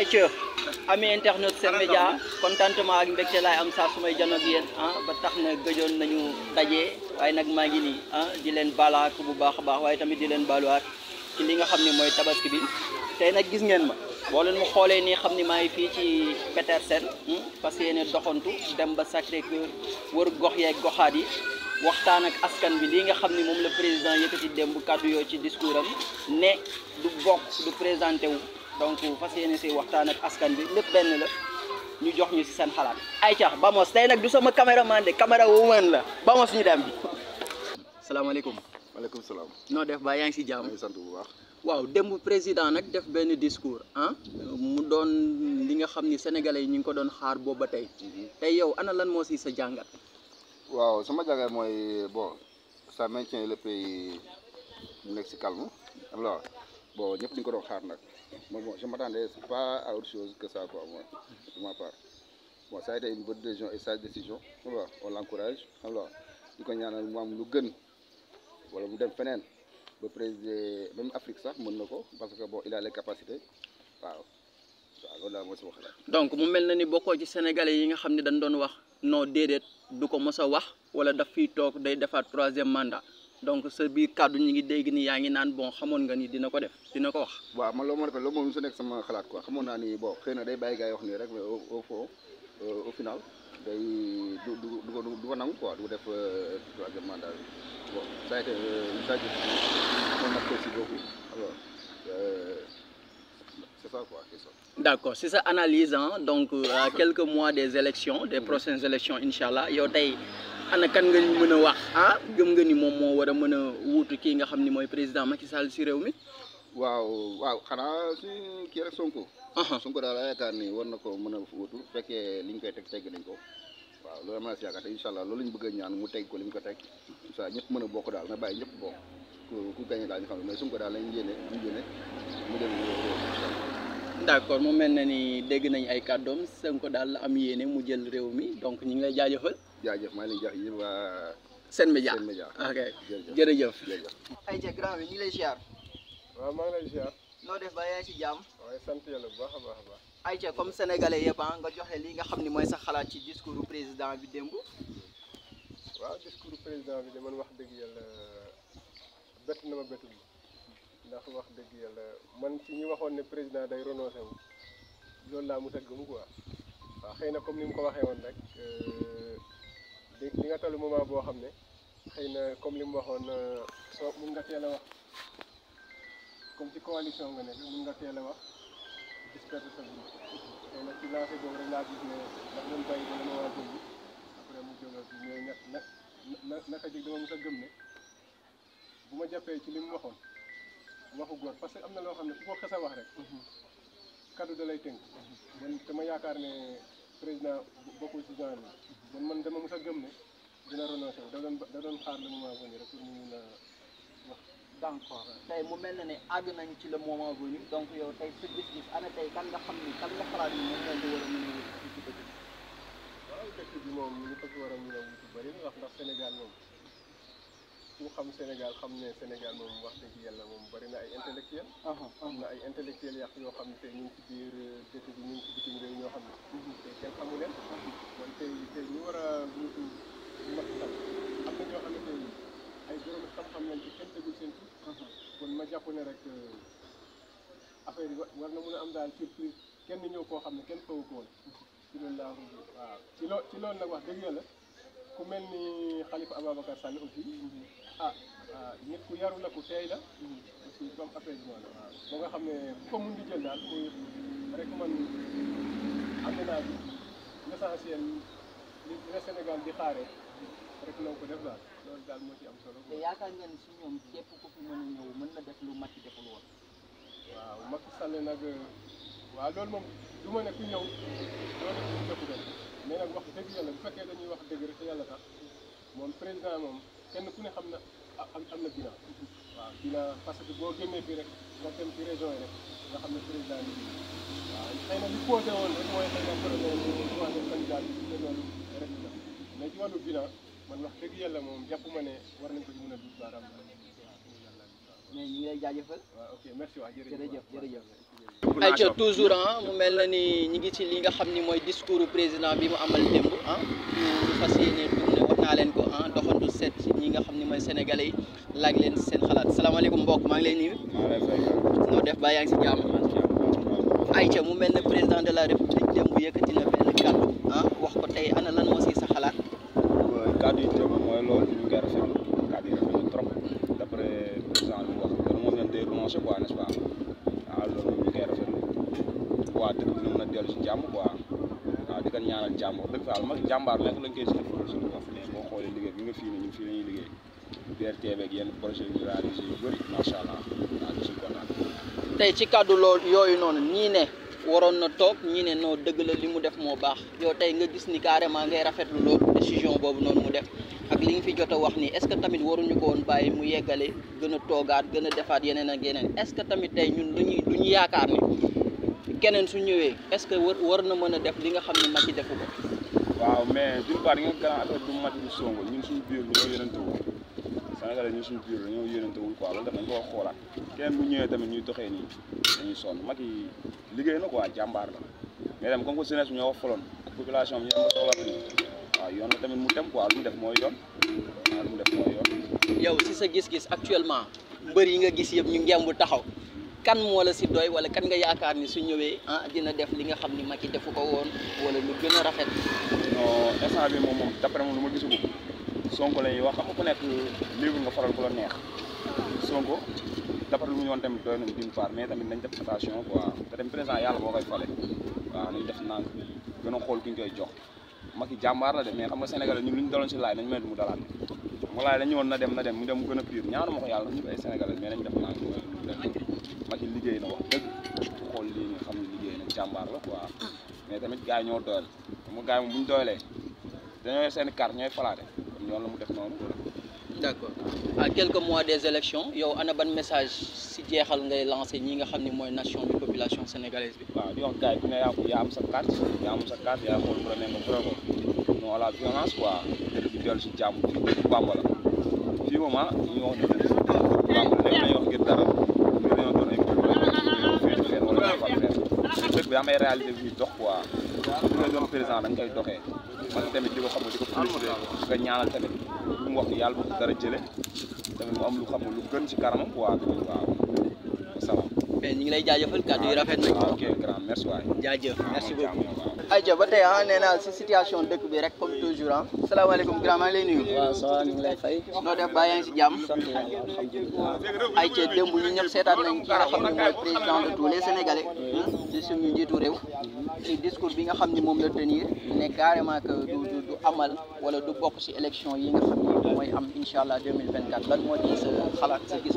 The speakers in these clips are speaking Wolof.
ay cër ami internet seen média contentement ak mbégte laay am saa su may janoog yéen ah ba tax na gëjoon nañu daje waaye nag maa ngi nii ah di leen baalaak bu baax a baax waaye tamit di leen baaluwaat ci li nga xam ne mooy tabaski bi tey nag gis ngeen ma boo leen mu xoolee nii xam ni maa ngi fii ci Petersen parce hmm, que yéen doxantu dem ba Sacré-Cœur wër gox yeeg goxaat yi waxtaan ak askan bi lii nga xam ni moom la président yëkkati démb kàddu yoo ci discours am ne du bokk du présenté wu donc fas yéene si waxtaan ak askan bi lépp benn la ñu jox ñu si seen xalaat ayca Bamos tey nag du sama caméraman de caméra woman la Bamos ñu dem bi salaamaaleykum maaleykum salaam noo def ba yaa ngi si jàmm maa ngi bu baax waaw démb président nag def benn discours ah mu doon li nga xam ni sénégalais yi ñu ngi ko doon xaar booba tey mhm. tey yow ana lan moo si sa jàngat waaw sama jàngat mooy bon ça maintient le mu nekk si calme am la bon ñëpp di ko doon xaar nag bon, je ne m'attendais pas à autre chose que ça, pour moi, ma part. ça a été une bonne décision et sage décision. on l'encourage. alors ñu ñaanal mu même Afrique ça parce que bon il a les capacités donc mu sénégalais yi nga dañ non du troisième mandat donc ce biir kàddu ñu ngi dégg ni yaangi ngi naan bon xamone nga ni dina ko def dina ko wax wa ma lo ma ko lo mo su nek sama xalaat quoi xamone na ni bo xeyna day bàyyi gars wax ni rek mais au fond euh, au final day du du du du ko nangu quoi du def euh, troisième mandat bi bon ça a été ça euh, été on apprécie beaucoup alors c'est ça quoi question d'accord c'est ça analyse hein. donc à quelques mois des élections des prochaines élections incha allah yow tey ana kan nga ñu mën a wax ah gëm nga ni moom moo war a mën a wuutu kii nga xam ni mooy président Macky Sall si réew mi. waaw waaw xanaa si kii rek Sonko. Uh-huh. Sonko daal yaakaar ni war na ko mën a wuutu fekkee liñ koy teg tegg nañ ko. waaw loolu am naa si yaakaar bëgg a ñaan mu teg ko liñ ko teg incha ñëpp mën bokk daal na bàyyi ñëpp bokk ku ku daal ñu xam ne mais Sonko daal lañ yéene ñu yéene mu dem mel na ni dégg nañ ay kàddoom Sonko daal la am yéene mu jël réew mi donc ñu ngi lay jaajëfal. jaajëf maa ngi leen di jox yéen waa. Sen Média Sen Média ok jërëjëf jërëjëf. ayca grand bi ñu ngi lay ziar. waaw maa lay ziar. noo def ba yaa ci jàmm. waaye sant yàlla bu baax a baax a baax. ayca comme ah, nga joxe li nga xam ni mooy sa xalaat ci discours président bi démb. waaw discours président bi de man wax dëgg yàlla euh, bett na ma bettul ndax wax dëgg yàlla man ci ñi waxoon ne président day renoncé wu loolu laa mu tëgg mu quoi waaw xëy na comme ni mu ko waxee woon rek. Euh, di di nga toll moment boo xam ne xëy na comme li mu waxoon euh, soo mun nga teel wax comme ci coalition nga nekk mun nga teel a wax disperser sa a déglu après gëm ne bu ma jàppee ci li mu waxoon waxu góor parce que am na loo xam ne ku ko xes wax rek kaddu da lay tënk mhm. man yaakaar ne président bokkul ci genre man man dama mos a gëm ne dina renoncé da doon da doon xaar le moment venu rek mu mun a wax. tey mu mel na ni àgg nañ ci le moment venu donc yow tey sa gis-gis tey kan nga xam ni kan nga xalaat ni moom lañ war a mën a wuti ci dëkk bi. waaw dëkk bi moom ñu ngi ko war a mën a wuti bëri na wax ndax Sénégal moom. ku xam Sénégal xam ne Sénégal moom wax dëgg yàlla moom bari na ay intellectuel ah, ah, ah. am na ay intellectuel yàq yoo xam ne tey ñu ngi euh, ñoo xam ne mm-hmm. tey kenn xamu leen kon ñu war a ñutu matal am na seen tur kon ma jàpp ne rek euh, affaire yi war na mun a am daal surprise kenn ñëw koo xam ne kenn fawu ko woon mm-hmm. ci loolu laa waaw nag wax dëgg yàlla ku mel ni Khalifa Ababacar Sall aussi mm-hmm. ah nit ah, ku yaru la ku teey la. aussi comme apaisement la. Ah, ba nga xam ne ku ko mun di jël daal muy rek man am naa bi l'essentiel li la Sénégal di xaaree rek na ko def daal loolu daal moo ci am solo. te yaakaar ngeen si ñoom képp ku fi mën a na def lu Macky deful woon. waaw Macky Sall nag waaw loolu moom du ma ne ku ñëw loolu du ñu def mais nag wax dëgg yàlla bu fekkee dañuy wax dëgg rek yàlla tax moom président moom. kenn ku ne xam na ah, am am na bilan waaw bilan que boo génnee fii rek nga dem xam ne président bi na li posé woon rek mooy xëy bilan man wax dëgg yàlla moom jàpp ma ne war nañ ko ci mën a dugg a mais ñu ngi lay jaajëfal. waaw ok merci waay jërëjëf jërëjëf. ayca toujours ah mu mel na ni ñi ngi ci li nga xam ni mooy discours président bi mu amal démb ah ñu fas yéene ne naa leen ko ah. seet si ñi nga xam ne sénégalais laaj leen seen xalaat salaamaaleykum mbokk maa ngi lay nuyu noo def mu président de la république na ah wax ko tey ana lan moo si sa xalaat kàddu yi tam mooy loolu ñu ngi rafetlu kàddu yi rafetlu trop d'après président bi wax loolu quoi n'est-ce pas ah, ñu dëkk quoi ah, di ko ñaanal jàmm dëgg fa mag jàmbaar lekk lañ koy si def suñu wax mais boo nga fii nii ñun fii la ñuy liggéey DRTV ak yenn projet yu ñu yu bëri macha allah tey ci kàddu lool yooyu noonu ñii ne waroon na toog ñii ne noo dëgg la li mu def moo baax yow tey nga gis ni carrément ngay rafetlu loolu décision boobu noonu mu def ak li nga fi jot a wax nii est ce que tamit waruñu ko woon bàyyi mu yeggale gën a toogaat gën a defaat yeneen ak yeneen est ce que tamit tey ñun lu ñuy lu ñu yaakaar ni keneen su ñëwee est ce que war war na mën a def li nga xam ne Macky defu ko. waaw mais d'une part nga grand affaire du match bi Sonko ñun suñu biir ñoo yéenantewul Sénégalais ñun suñu biir dañoo yéenantewul quoi loolu dafa ñu ko xoolaat kenn bu ñëwee tamit ñuy doxee nii dañuy sonn mag yi liggéey na am jàmbaar la mais dem comme que ñoo foloon population bi ñu waaw yoon la mu dem quoi lu mu def mooy yoon waaw mu def mooy yoon yow si sa gis-gis actuellement mbër yi nga gis yëpp ñu ngemb taxaw kan moo la si doy wala kan nga yaakaar ni su ñëwee ah dina def li nga xam ni Macky defu ko woon wala lu gën a rafet. non instant bi moom moom d'après moom lu ma gisagu Sonko wax xam nga ku nekk livre nga faral ku la neex Sonko d'après lu mu ñu woon tamit doy nañ d'une mais tamit nañ def attention quoi te yàlla moo koy fale waaw nañ def naan gën a xool ki ñu koy jox Macky jàmbaar la de mais xam nga Sénégal ñun lu ñu daloon si laaj nañ mel mu dalaat. walaay dañu won na dem na dem mu dem gëna pire ñaanu mako yalla yàlla ñu ay sénégalais mais dañu def naa Macky liggéey na wax dëgg xol li ñu xam ne liggéey na jambar la quoi mais tamit gaay ñoo doyal mu gaay mu buñ moom dañoy seen carte ñoy falaate ñoon la mu def noonu d' accord à quelques mois des élections yow ana ban message si jéxal ngay lancer ñi nga xam ne mooy nation bi population sénégalaise bi. waaw di wax gars yi ku ne yaa am sa carte yaa am sa carte yaa xool bu la ne nga bëre ko non à la violence quoi. ñu dellu si jàmm ci dëkk Bamba la fii moom ah ñu wax ne si Bamba la dara ngir dañoo doon ay mbir wala ñu fàttali leen dëkk bi amay réalité bi ñuy dox quoi su ñu doon président da nga koy doxee man tamit di ko xam ne di ko félicité nga ñaanal tamit lu mu wax yàlla bu dara jële tamit mu am lu xam lu gën si kanamam quoi ñu ngi lay jaajëfal kàddu yi ah, rafet nañ ok grand merci waay jaajëf merci beaucoup ayca ba tey ah nee si situation dëkk bi rek comme toujours ah salaamaaleykum grand maa ngi lay nuyu waaw ça va ñu ngi lay fay noo def baa yaa si jàmm sant yàlla alhamdulilah ñu ñëpp seetaan nañ ki nga xam ne mooy président de tous les sénégalais ci ah, suñu njiitu réew ci discours bi nga xam ni moom la tenir ne carrément que du du amal wala du bokk si élection yi nga xam ne mooy am incha allah 2024 lan moo ci sa xalaat sa gis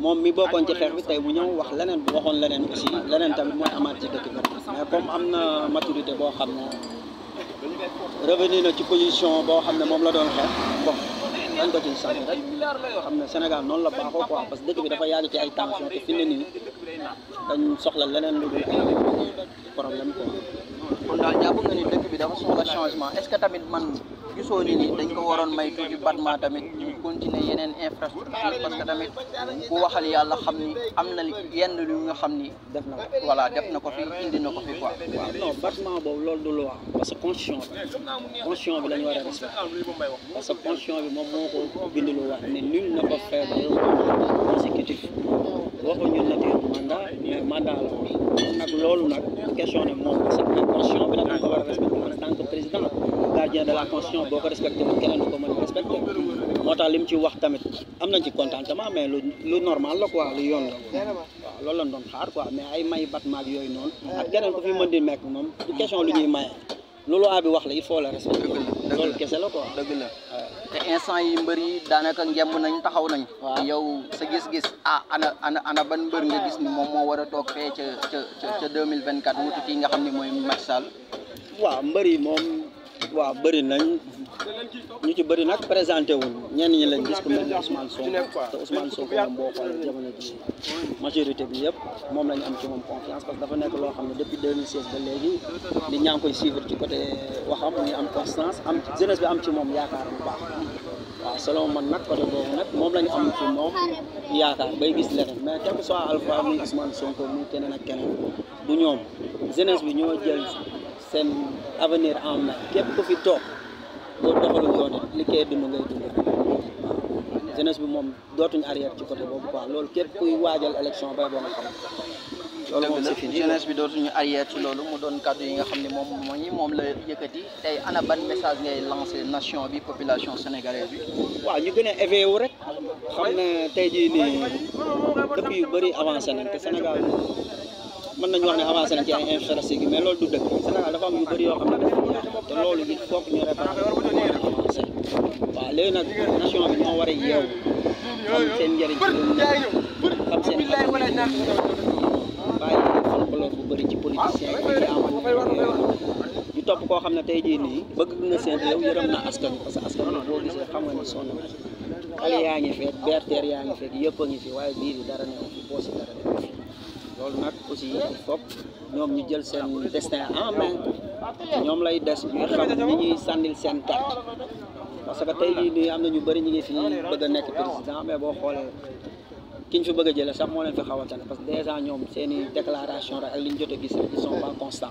moom mi bokkoon ci xeex bi tey mu ñëw wax leneen bu waxoon leneen aussi leneen tamit mooy amaat ci dëkk bi mais comme am na maturité boo xam ne revenu na ci position boo xam ne moom la doon xeex bon dañ ko ci sànni rek xam ne Sénégal noonu la baaxoo quoi parce que dëkk bi dafa yàgg ci ay tension te fi ne nii dañ soxla leneen lu dul problème quoi. est-ce que tamit man. gisoo ni nii dañ ko waroon may tuuti batma tamit ñu continuer yeneen infrastructure parce que tamit ku waxal yàlla xam ni am na yenn lu nga xam ni def na ko voilà def na ko fi indi na ko fi quoi waaw non batma boobu loolu du loi la ñu war a respecté parce que constitution bi moom moo ko bind lu wax ne nul ne peut faire deux mandats consécutifs waxuñu nag mandat mais mandat la wax loolu nag question ne moom parce que constitution bi nag ñu ko war a respecté en tant président gardien de la constitution boo ko respecté moo tax li mu ci wax tamit am nañ ci contentement mais lu lu normal la quoi la waaw loolu lañ doon xaar ay may bat maag yooyu noonu ak keneen ku fi mën di nekk moom lu ñuy wax la il faut la respecté loolu kese la quoi la te instant yi mbër yi daanaka ngemb nañ taxaw nañ yow sa gis-gis ah ana ana ana ban mbër nga gis ni moom moo war a toog fee ca ca ca 2024 wutu kii nga xam ne mooy Macky Sall waaw mbër yi moom waaw bëri nañ ñu ci bëri nag présenté wuñ ñenn ñi lañ gis ku mel ni Ousmane Sonko te Ousmane Sonko moom boo xoolee bi yëpp moom la ñu am ci moom nekk loo xam ne depuis 2016 ba léegi nit ñaa ngi koy suivre ci côté waxam muy am constance am jeunesse am ci moom yaakaar bu baax waaw selon man nag côté boobu nag moom la ñu am ci moom yaakaar bay gis leneen mais quel que soit Alpha muy Ousmane Sonko muy keneen ak keneen du ñoom jeunesse bi ñoo jël. seen avenir en main képp ku fi toog boo doxalul yoon li koy dund ngay dund waaw bi moom dootuñu arrière ci côté boobu quoi loolu képp kuy waajal élection bay boo nga xam bi dootuñu arrière ci loolu mu doon kàddu yi nga xam ne moom moo ñi moom la yëkkati tey ana ban message ngay lancer nation bi population sénégalaise bi. waaw ñu gën a éveillé rek xam ne tey jii nii dëkk yu bëri avancé nañ te Sénégal. mën nañu wax ne avancé nañ ci ay infrastructure mais loolu du dëkk Sénégal dafa am yu bëri yoo xam ne dafa yàq léegi nag nation xam seen njëriñ ci lu bu bëri ci politicien yi ci ñu topp koo xam ne tey jii nii bëgg na seen réew yërëm na askan parce que askan bi boo gisee xam nga ne sonn xale yaa ngi feeg berteer yaa ngi feeg yëpp a ngi fi waaye biir yi dara newu fi boo si dara newu nag aussi il faut ñoom ñu jël seen destin en main ñoom lay des bi xam ni ñuy sànnil seen carte parce que tey jii nii am na ñu bari ñu ngi fi bëgg a nekk président mais boo xoolee ki ñu fi bëgg a sax moo leen fi xaw a tane parce que déjà ñoom seen i déclaration rek ak li ñu jot a gis rek ils sont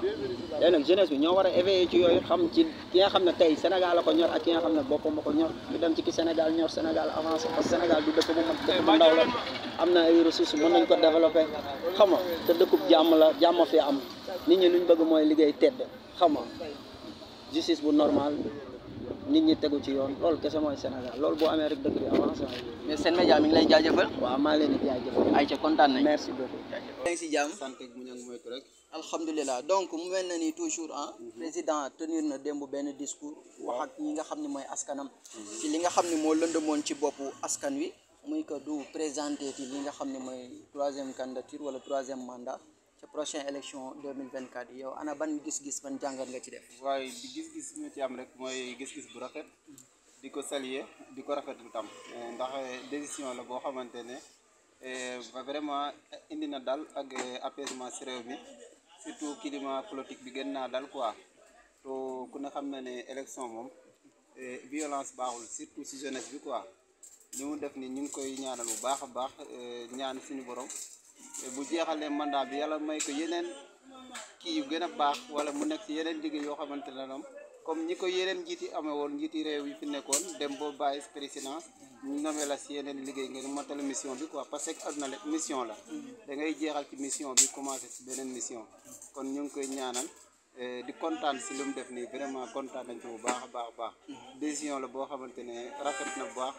nag jeunesse bi ñoo war a éveiller ci yooyu xam ci ki nga xam ne tey Sénégal la ko ñor ak ki nga xam ne boppam ma ñor ñu dem ci ki Sénégal ñor Sénégal avancé parce que Sénégal du dëkk bu la ko développer xam nga te dëkkub jàmm la jàmm fi am nit ñi lu ñu bëgg mooy liggéey tedd xam nga justice bu normal nit ñi tegu ci yoon loolu kese mooy Sénégal loolu boo amee rek dëkk bi avancé mais seen média mi ngi lay jaajëfal waaw maa leen jaajëfal ay ca kontaan nañ merci beaucoup yaa ngi si jàmm sant ak mu donc mu mel na ni toujours ah président tenir na démb benn discours wax ak ñi nga xam ne mooy askanam ci li nga xam ne moo lënd moon ci boppu askan wi muy que du présenté ci li nga xam ne mooy troisième candidature wala troisième mandat ca prochaine élection 2024 yow ana ban gis-gis ban jàngat nga ci def. waaye di gis-gis ñu ci am rek mooy gis-gis bu rafet di ko saluer di ko rafet rafetlu tam eh, ndax eh, décision la boo xamante ne eh, vraiment indi na dal ak apaisement si réew mi surtout climat politique bi gën naa dal quoi to ku ne xam na ne élection moom violence baaxul surtout si jeunesse bi quoi li mu def ni ñu ngi koy ñaanal bu baax a baax ñaan suñu borom. bu jeexalee mandat bi yàlla may ko yeneen kii yu gën a baax wala mu nekk yeneen liggéey yoo xamante ne ñoom comme ñi ko yeneen njiit yi amee woon njiiti réew yi fi nekkoon dem boo bàyyi présidence ñu namee la si yeneen liggéey ngeen matal mission bi quoi parce que àdduna lekk mission la dangay ngay jeexal ci mission bi commencé si beneen mission kon ñu ngi koy ñaanal Eh, di kontaan si lu mu def nii vraiment kontaan nañ ci bu baax a baax a baax décision la boo xamante ne rafet na bu baax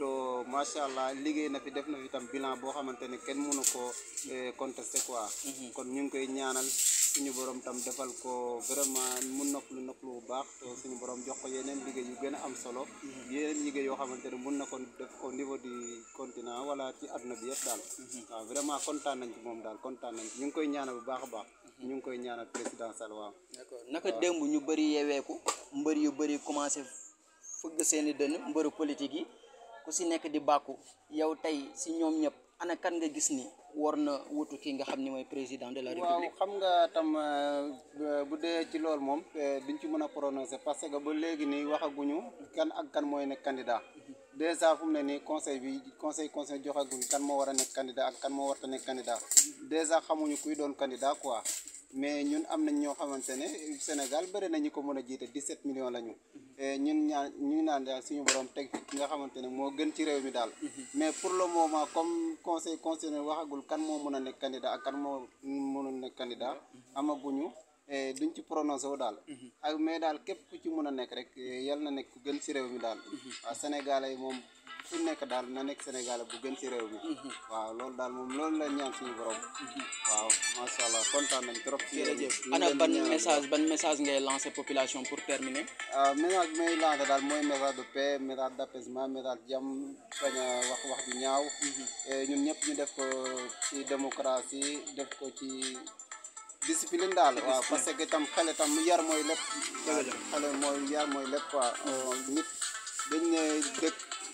to macha allah na fi def na fi tam bilan boo xamante ne kenn mënu ko eh, contesté quoi mhm. kon ñu ngi koy ñaanal suñu borom tam defal ko vraiment mu noppalu noppalu bu baax to suñu borom jox ko yeneen liggéey yu am solo mhm. yeneen liggéey yo xamante ne na ko def au niveau du continent wala ci àdduna bi yëpp daal mhm. vraiment kontaan nañ ci mom daal nañ ñu ngi koy ñaanal bu ñu ngi koy ñaanal président Sall waaw. d'accord naka démb ñu bëri yeeweeku mbër yu bëri commencé fëgg seen i dënn mbëru politique yi ku si nekk di bàkku yow tey si ñoom ñëpp ana kan nga gis ni war na wutu ki nga xam ni mooy président de la république. waaw xam nga tam euh, bu dee ci loolu moom euh, duñ ci mën a prononcer parce que ba léegi nii waxaguñu kan ak kan mooy nekk candidat. dèjà fu mu ne nii conseil bi conseil conseil joxaguñ kan moo war a nekk candidat ak kan moo warta nekk candidat dèjà xamuñu kuy doon candidat quoi mais ñun am nañ ñoo xamante ne Sénégal bëri nañu ko mën a jiite 17 millions million ñu. ñun ñaan ñu naan daal suñu borom teg nga xamante ne moo gën ci réew mi daal. Mm-hmm. mais pour le moment comme conseil constitutionnel waxagul kan moo mën a nekk candidat ak kan moo mënul nekk candidat mm-hmm. amaguñu duñ ci prononcé wu daal. Mm-hmm. ak mais daal képp ku ci mën a nekk rek yal na nekk ku gën ci réew mi daal. a waa Sénégalais moom. ku nekk daal na nekk Sénégal bu gën ci réew mi. Mm-hmm. waaw loolu daal moom loolu la ñaan suñu borom. Mm-hmm. waaw macha allah kontaan nañ trop. ci jërëjëf ana ban message ban message ngay lancé population pour terminer. ah message bi may daal mooy message de paix message d' apaisement message jàmm bañ a wax wax du ñaaw. Mm-hmm. ñun ñëpp ñu def ko ci démocratie def ko ci. discipline daal waaw parce que tam xale tam yar mooy lépp. xale mooy yar mooy lépp quoi. nit dañ ne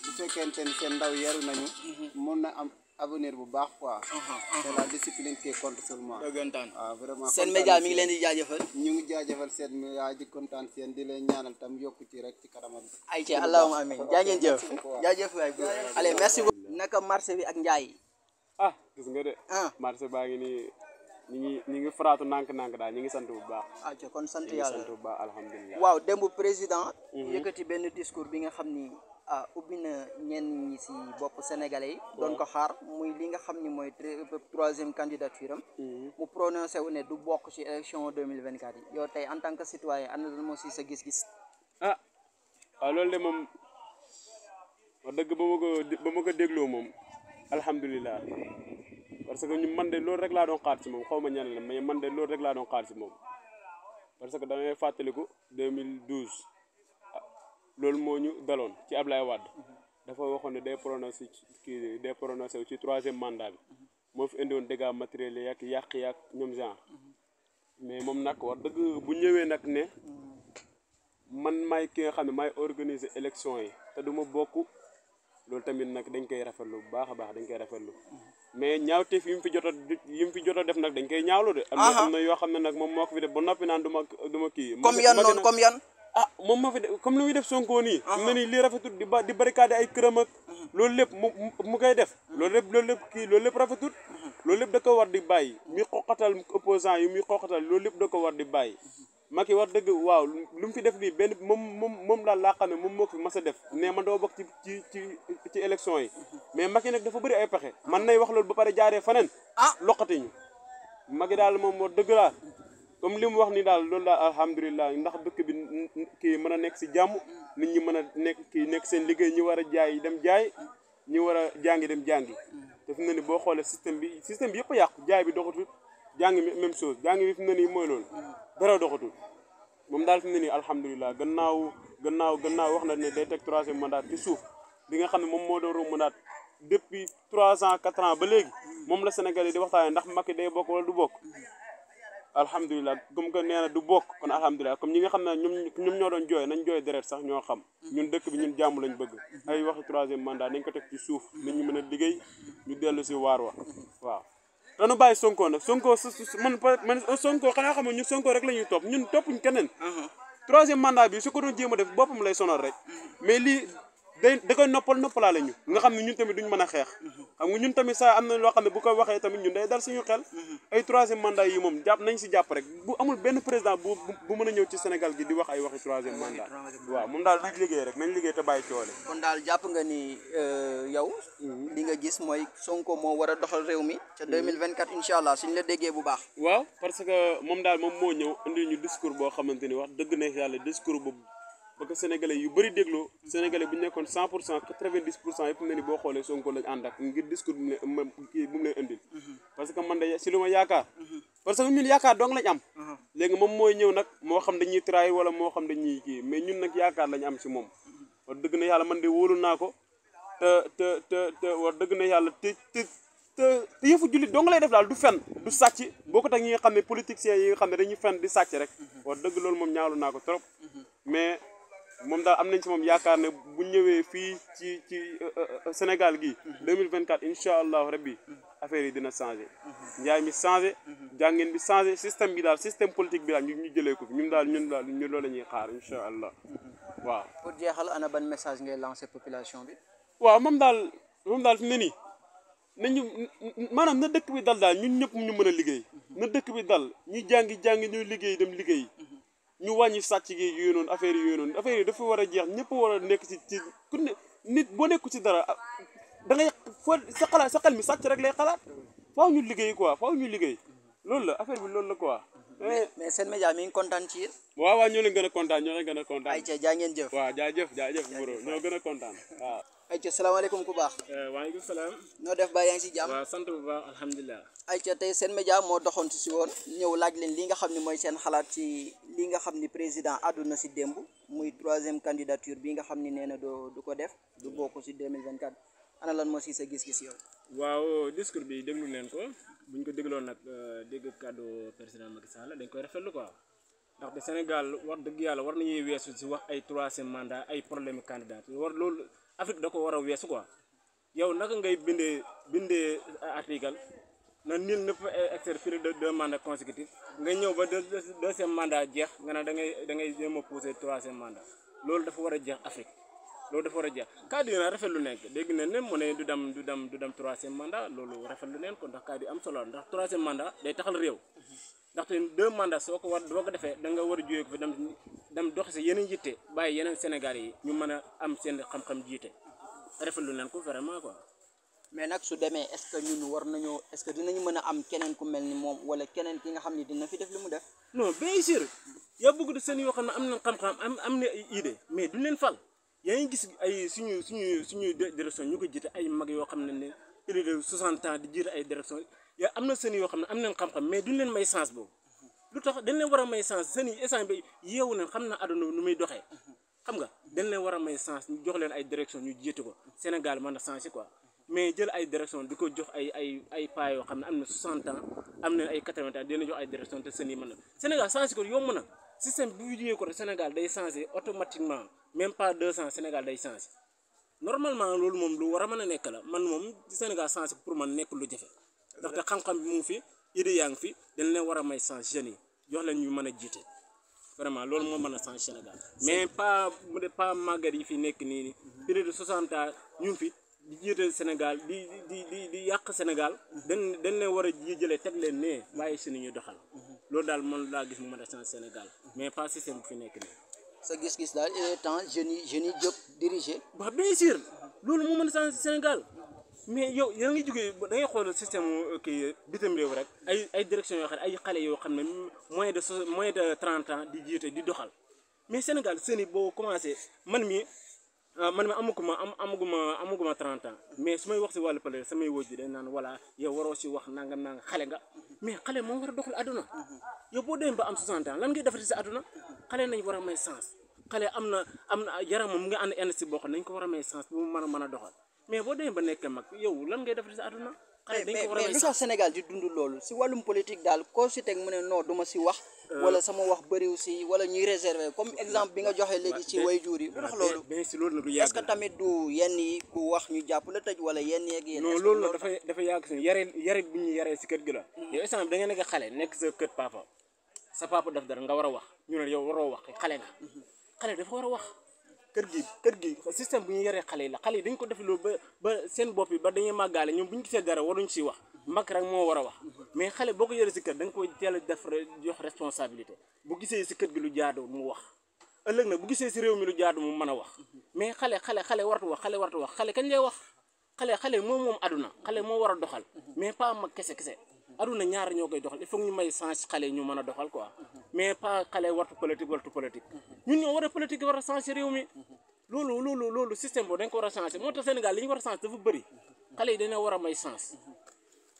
bu fekkente ni seen ndaw yaru nañu mhm. mun na am avenir bu baax quoi mhm, mhm. c'est la discipline qui compte seulement ah, seen média mi ngi leen di jaajëfal ñu ngi jaajëfal seen média ji kontaan seen di leen ñaanal tam yokku ci rek ci kanamam ay ci allahuma amin jaa ngeen jëf jaajëf waay allez merci naka marché bi ak njaay ah gis nga de ah. marché baa ngi nii ñu ngi ñu ngi faraatu nànk daal ñu ngi sant bu baax. ah kon sant yàlla ñu ngi waaw démb président. yëkkati benn discours bi nga xam ni ubbi na ñenn ñi si bopp sénégalais yi doon ko xaar muy li nga xam ni mooy troisième candidature am mm-hmm. mu prononcé wu ne du bokk ci élection 2024 yi yow tey en tant que citoyen ana lan moo si sa gis-gis ah waaw loolu de moom wax dëgg ba ma ko ba ma ko dégloo moom alhamdulilah parce que ñu man de loolu rek laa doon xaar ci moom ma ñan mais man de loolu rek laa doon parce que damay fàttaliku loolu moo ñu daloon ci Ablaye Wade dafa waxoon ne day prononcé kii day prononcé ci troisième mandat bi moo fi indiwoon dégâts matériel yi ak yàq yàq ñoom genre mais moom nag wax dëgg bu ñëwee nag ne man maay ki nga xam ne maay organiser élection yi te du ma bokk loolu tamit nag dañ koy rafetlu bu baax a baax dañ koy rafetlu mais ñaawteef yi mu fi jot a yi mu fi jot a def nag dañ koy ñaawlu de. am na yoo xam ne nag moom moo ko fi def ba noppi naan du ma du ma kii. comme yan noonu comme yan. ah moom ma fi def comme lu muy def Sonko nii. am na ni lii rafetul di ba di barricade ay këram ak. Mm-hmm. loolu lépp mu mu koy def. Mm-hmm. loolu lépp loolu lépp kii loolu lépp rafetul. Mm-hmm. loolu lépp da ko war di bàyyi. muy xoqatal opposant yi muy xoqatal loolu lépp da ko war di bàyyi. Macky wax dëgg waaw lu mu fi def nii benn moom moom moom daal laa xam ne moom moo ko fi mas a def nee ma doo bokk ci ci ci ci élection yi mais Macky nag dafa bëri ay pexe. Ah. man nay wax loolu ba pare jaaree faneen. ah loqati ñu. Macky daal moom wax dëgg laa. comme li mu wax ni daal loolu daal alhamdulilah ndax dëkk bi kii mën a nekk si jàmm nit ñi mën a nekk kii nekk seen liggéey ñi war a jaay dem jaay ñi war a jàngi dem jàngi te fi mu ne ni boo xoolee système bi système bi yëpp a jaay bi doxatul jàngi même chose jàngi bi fi mu ne nii mooy loolu dara doxatul moom daal fi mu ne nii alhamdulilah gannaaw gannaaw gannaaw wax na ne day teg troisième mandat ci suuf bi nga xam ne moom moo doon mandat depuis trois ans quatre ans ba léegi moom la Sénégal di waxtaanee ndax Macky day bokk wala du alhamdulilah comme que nee du bokk kon alhamdulilah comme ñi nga xam ne ñoom ñoom ñoo doon jooy nañ jooy deret sax ñoo xam ñun dëkk bi ñun jàmm lañ bëgg ay waxi troisième mandat nañ ko teg ci suuf nañ ñu mën a liggéey ñu dellu si waar wa waaw te nu bàyyi Sonko nag Sonko su man man Sonko xanaa xam ne ñun Sonko rek la ñuy topp ñun topp toppuñ keneen uh-huh. troisième mandat bi su ko doon jéem a def boppam lay sonal rek uh-huh. mais lii day da koy noppal noppalaale ñu nga xam ne ñun tamit duñu mën a xeex xam nga ñun tamit saa am na loo xam ne bu ko waxee tamit ñun day dal suñu xel ay troisième mandat yi moom jàpp nañ si jàpp rek bu amul benn président bu bu mën a ñëw ci Sénégal gi di wax ay waxi troisième mandat waaw moom daal nañ liggéey rek nañ liggéey te bàyyi coole kon daal jàpp nga ni euh, yow li nga gis mooy Sonko moo war a doxal réew mi ca 2024 incha allah suñ la déggee bu baax waaw parce que moom daal moom moo ñëw indi ñu discours boo xamante ni wax dëgg neex yàlla discours bu ba ko sénégalais yu bëri dégloo sénégalais bu ñu nekkoon 100 pour cent 90 pour cent yëpp mu ne ni boo xoolee Sonko lañ ànd ak ngir discours bu mu leen indil. Mhm. parce que man de si lu ma yaakaar. Mhm. parce que ñun yaakaar dong lañ am. Mhm. léegi moom mooy ñëw nag moo xam dañuy trahir wala moo xam dañuy kii mais ñun nag yaakaar lañ am si moom. wax dëgg na yàlla man de wóolu naa ko te te te te wax dëgg na yàlla te te. te te yëfu dong lay def daal du fen du sàcc boo ko tax ñi nga xam ne politiciens yi nga xam ne dañuy fen di sàcc rek wax dëgg loolu moom ñaawlu naa ko trop moom daal am nañ ci moom yaakaar ne bu ñëwee fii ci ci euh, euh, euh, Sénégal gii. 2024 incha allahu rabbi affaire yi dina changé. njaay mi changé. jàngeen bi changé système bi daal système politique bi daal ñu ñu jëlee ko fi ñun daal ñun daal ñun loolu la ñuy xaar incha allah waaw. pour jeexal ana ban message ngay lancé population bi. waaw moom daal moom daal fi mu ne na dëkk bi dal daal ñun ñëpp ñu mën a liggéey. na dëkk bi dal ñu jàngi jàngi ñuy liggéey dem liggéey. ñu wàññi sàcc gi yooyu noonu affaire yi yooyu noonu affaire yi dafa war a jeex ñëpp war nekk ci ci ku ne nit boo nekku ci dara ah, da ngay foo sa xalaat sa xel mi sàcc rek lay xalaat faaw ñu liggéey quoi faaw ñu liggéey loolu la affaire bi loolu la quoi. mais seen média mi ngi kontaan ci yéen. waaw waaw ñoo leen gën a kontaan ñoo leen gën a kontaan. ayca jaa ngeen jëf. waaw jaajëf jaajëf Moreau ñoo gën a kontaan waaw. ayca salaamaaleykum ku baax. Eh, waaleykum salaam. noo def ba yaa ngi ci jàmm. waaw sant bu baax alhamdulilah. ayca tey seen media moo doxoon si woon ñëw laaj leen li nga xam ne mooy seen xalaat ci li nga xam ni président àdduna si démb muy troisième candidature bi nga xam ni nee na du ko def du bokk si 2024. ana lan mo ci sa gis-gis yow waaw discours bi déglu leen ko buñ ko dégloon nag euh, dégg kàddu président Macky Sall dañ koy rafetlu quoi de Sénégal war dëgg yàlla war nañuy weesu si wax ay troisième mandat ay problème candidat war loolu Afrique da ko war a weesu quoi yow naka ngay bindee bindee article na nil ne peut exercer plus de deux mandats consécutifs nga ñëw ba deuxième mandat jeex nga ne da ngay da ngay jéem a pousser troisième mandat loolu dafa war a jeex Afrique loolu dafa war a jeex kaddu yi nag rafet lu nekk dégg nañ ne mu ne du dem du dem du dem troisième mandat loolu rafet lu neen kon ndax kaddu yi am solo ndax troisième mandat day taxal réew ndaxte deux mandats soo ko war doo ko defee da nga war a jógee ko fi dem dem doxi sa yeneen yitte bàyyi yeneen Sénégal yi ñu mën a am seen xam-xam jiite rafet lu neen ko vraiment quoi mais nag su demee est ce que ñun war nañoo est ce que dinañu mën a am keneen ku mel ni moom wala keneen ki nga xam ni dina fi def li mu def non bien sûr yaa bëgg di seen yoo xam ne am na xam-xam am am na idée mais duñ leen fal yaa ngi gis ay suñu suñu suñuy direction ñu ko jiite ay mag yoo xam ne ne plus de 60 di jiite ay direction yaa am na seen yoo xam ne am nañ xam mais duñ leen may chance boobu mm-hmm. lu tax dañ war a may chance seen yi essence xam na àdduna nu muy doxee mm-hmm. xam nga dañ leen war a may chance ñu jox leen ay direction ñu jiite ko Sénégal mën na changé quoi mais jël ay direction di ko jox ay ay ay yoo xam ne am na 60 ans am na ay 80 ans dina jox ay direction te seen yi mën na Sénégal ko yomb na système bi bu jugee côté Sénégal day changé automatiquement même pas 200 cent Sénégal day changé normalement loolu moom lu war a mën a nekk la man moom Sénégal changé pour man nekk lu jafe ndaxte xam-xam bi mu ngi fi idée yaa ngi fi dañ leen war a may change jeunes yi jox leen ñu mën vraiment loolu moo mën a Sénégal mais pas mu de pas màggat fi nekk nii nii période de 60 ans ñun fi di jiite Sénégal di di di di yak Sénégal den den leen wara a jëlee teg wayé ne ñu doxal loolu dal man la gis mu mën a Sénégal mais pas système c'est une nekk nii. sa gis-gis daal il est temps je yi je yi jóg diriger. bah bien sûr loolu moo mën a changé Sénégal mais yow yaa ngi jógee da ngay le système kii bitim réew rek ay ay direction yo xam ay xalé yo xam moins de moins de 30 ans di jiite di doxal mais Sénégal c'est ni boo commencer man mi Euh, man ma amaguma am amaguma amaguma 30 ans mais su may wax si wàllu pële samay wóor ji dañ naan voilà yow waroo wax nangam nangam xale nga mais xale moo war a doxal àdduna yow boo demee ba am 60 ans lan ngay defati si àdduna xale nañ war a may sens xale am na am na mu ngi ànd ànd si boo nañ ko war a may sens bu mu mën a mën a doxal mais boo demee ba nekk mag yow lan ngay defati si àdduna mais lu tax Sénégal di dund loolu si wàllum politique daal koo si teg mu ne non duma si wax euh. wala sama wax bëriw si wala ñuy réserver comme exemple bi nga joxee léegi ci waajur yi lu tax loolu est que tamit du yenn yi ñu jàpp la tëj wala yenn yeeg yéen loolu la dafa dafa yàgg si yare yare bi ñu yaree si kër gi la hmm. yow instant bi da nga nekk xale nekk sa kër papa sa papa daf dara nga war a wax ñu ne yow waroo wax xale nga hmm. xale dafa war a wax kër gi kër gi système bu ñu yoree xale yi la xale yi dañ ko def loolu ba ba seen bopp ba dañuy màggaale ñoom bu ñu gisee dara waruñ ci wax mag rek moo war a wax mais xale boo ko yoree si kër da nga koy teel a def jox responsabilité bu gisee si kër gi lu jaadu mu wax ëllëg nag gisee si réew mi lu jaadu mu mën a wax mais xale xale xale wartu wax xale wartu wax xale kañ lay wax xale xale moom moom aduna xale moo war a doxal mais pas mag kese kese aduna ñaar ñoo koy doxal il faut ñu may change xale ñu man a doxal ko mais pas xale wartu politique wartu politique mhm. ñun ñoo war a politique war a changer réew mi mhm. loolu loolu loolu système boobu dañ ko war moo tax Sénégal li ñu war a changer dafa bëri mhm. xale yi dañoo war a may chance.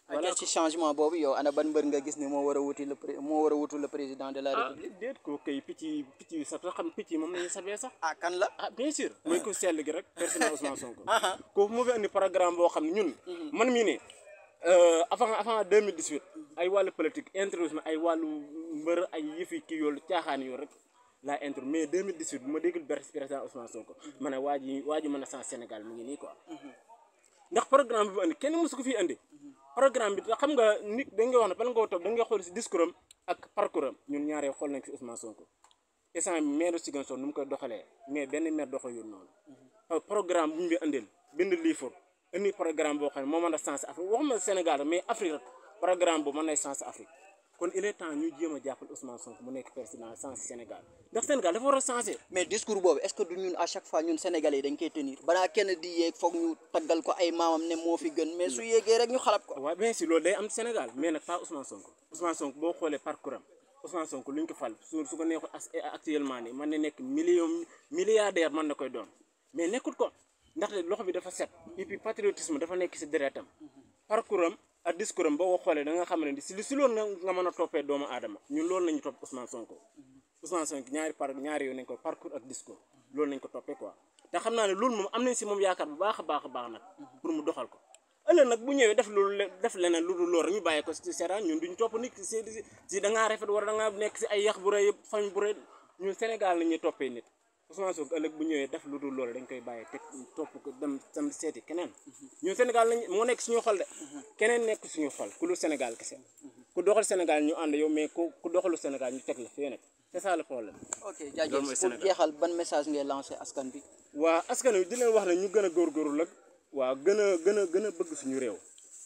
voilà boobu yow ana ban mbër nga gis ni moo war a la moo war a wutu le président de la ah, république. ah ko kay picc yi picc yi sax xam picc yi moom la ñuy sabee sax. ah kan la ah bien sûr. Ah. mooy ko sell gi rek personnel Ousmane Sonko. Ah, kooku moo fi andi programme boo xam ne ñun. man mii ne euh, avant avant 2018. ay wàllu politique introduction ay wàllu. mbër a yëfi kii yoolu caaxaan yoo rek laa intro mais 2018 bu ma déggul président Ousmane Sonko a sans Sénégal mu ngi nii quoi ndax programme bi bu andi kenn ko fi andi programme bi te xam nga nit da nga wax ne bala nga ko da nga xool si discours am ak parcours am ñun ñaaree xool nañ si Ousmane Sonko instant bi maire Ziguinchor nu mu koy doxalee mais benn maire doxal yoon noonu programme bu ñu bi andil bind livre indi programme boo xam ne moo mën a sens Afrique waxuma Sénégal mais Afrique rek programme bu mën nay sens Afrique kon il est temps ñu jéem a jàppal Ousmane Sonko mu nekk président sens Sénégal ndax Sénégal dafa war a changer. mais discours yi dañ koy tenir balaa kenn di yéeg foog ñu taggal ko ay maamam ne moo fi gën mais su yéegee rek ñu xalab ko. waaw bien sûr loolu day am Sénégal mais nag pas Ousmane Sonko Ousmane Sonko boo xoolee parcours am Ousmane lu ñu ko fal su su ko neexul eh, actuellement nii man na nekk million milliardaire man na koy doon mais nekkul ko ndaxte loxo bi dafa set et puis patriotisme dafa nekk si deretam parcours ak discours am boo ko xoolee da nga xam ne si si loolu nga mën a toppee doomu aadama ñun loolu nañu topp Ousmane Sonko Ousmane Sonko ñaari par ñaari yoon nañ ko parcours ak discours loolu nañ ko toppee quoi te xam naa ne loolu moom am nañ si moom yaakaar bu baax a baax a baax nag pour mu doxal ko ëllëg nag bu ñëwee def loolu def leneen lu du loolu rek ñu bàyyi ko si seetaan ñun duñu topp nit si si dangaa rafet wala dangaa nekk si ay yax bu rëy fañ bu rëy ñun la ñuy toppee nit Ousmane Sonko ëllëg bu ñëwee def lu dul loolu dañ koy bàyyi teg topp ko dem dem seeti keneen mhm. ñun Sénégal moo nekk suñu xol de mhm. keneen nekk suñu xol ku lu Sénégal kese mhm. ku doxal Sénégal ñu ànd yow mais ku doxalu Sénégal ñu teg la fee nag c'est ça le problème. ok jaajëf pour jeexal ban message ngay lancé askan bi. waa askan wi di wax ne ñu gën a góorgóorlu la waa gën a gën a gën a bëgg suñu réew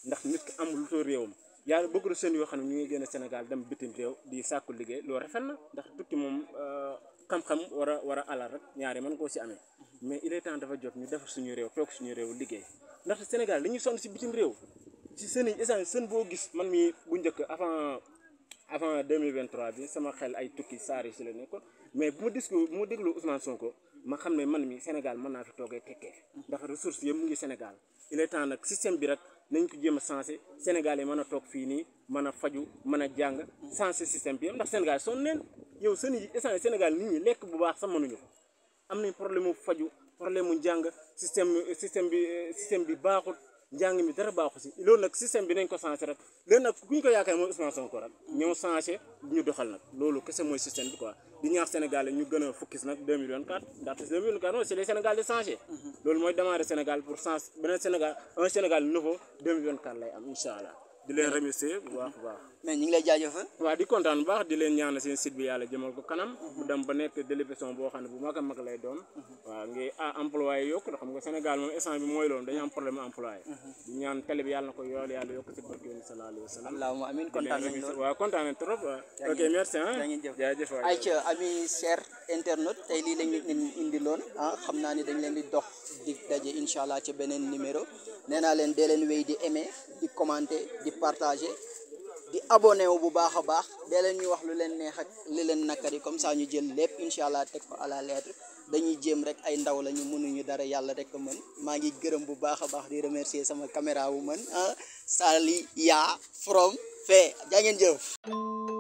ndax nit ki am lu too réewam yàlla bëgg na seen yoo xam ne ñu ngi génn Sénégal dem bitim réew di sàkku liggéey loolu rafet na ndax tukki moom euh, xam-xam war a war a alal rek ñaari mën koo si amee mais il e temps dafa jot ñu defar suñu réew toog suñu réew liggéey ndaxte Sénégal dañuy sonn si bitim réew si seen i essence seen boo gis man mi bu njëkk avant avant 2023 bi sama xel ay tukki saari la nekkoon mais bu ma disku bu ma déglu Ousmane Sonko ma xam ne man mi Sénégal mën naa fi toogee tekkee ndax ressource yëpp mu ngi Sénégal il est temps nag système bi rek nañ ko jéem a sensé Sénégal yi mën a toog fii nii mën a faju mën a jàng sensé système bi yëpp ndax Sénégal sonn yow seen yi instant Sénégal nit ñu lekk bu baax sax mënuñu ko am nañ problème mu faju problème mu njàng système système bi système bi baaxul njàng mi dara baaxu si loolu nag système bi nañ ko changé rek léegi nag ku ñu ko yaakaar mooy Ousmane Sonko rek ñoo changé ñu doxal nag loolu kese mooy système bi quoi di ñaax Sénégal ñu gën a focus nag 2024 ndaxte 2024 non c'est les Sénégal di changé mhm. loolu mooy démarrer Sénégal pour change beneen Sénégal un Sénégal nouveau 2024 lay am incha di leen remercier bu baax baax. mais ñu ngi lay jaajëfal. waaw di kontaan baax di leen ñaanal seen site bi yàlla jëmal ko kanam. bu dem ba nekk télévision boo xam ne bu mag a mag lay doon. waaw ngay ah employé yokk xam nga Sénégal moom instant bi mooy loolu dañu am problème employé. di ñaan télé bi yàlla na ko yàlla yokk ci barke yi sallallahu alayhi wa sallam. allahumma amiin kontaan ok merci ah jaajëf waay. ayca ami cher internaute tey lii lañ indi loon ah, xam naa ni dañ leen di dox di daje incha allah ci beneen numéro nee naa leen dee leen wéy di emee di commenter di partager di abonné wu bu baax a baax dee leen ñu wax lu leen neex ak li leen nakkari comme ça ñu jël lépp incha allah teg ko à la lettre dañuy jéem rek ay ndaw la ñu mënuñu dara yàlla rek mën maa ngi gërëm bu baax a baax di remercier sama caméra wu mën ah, Saliya from fee jaa ngeen jëf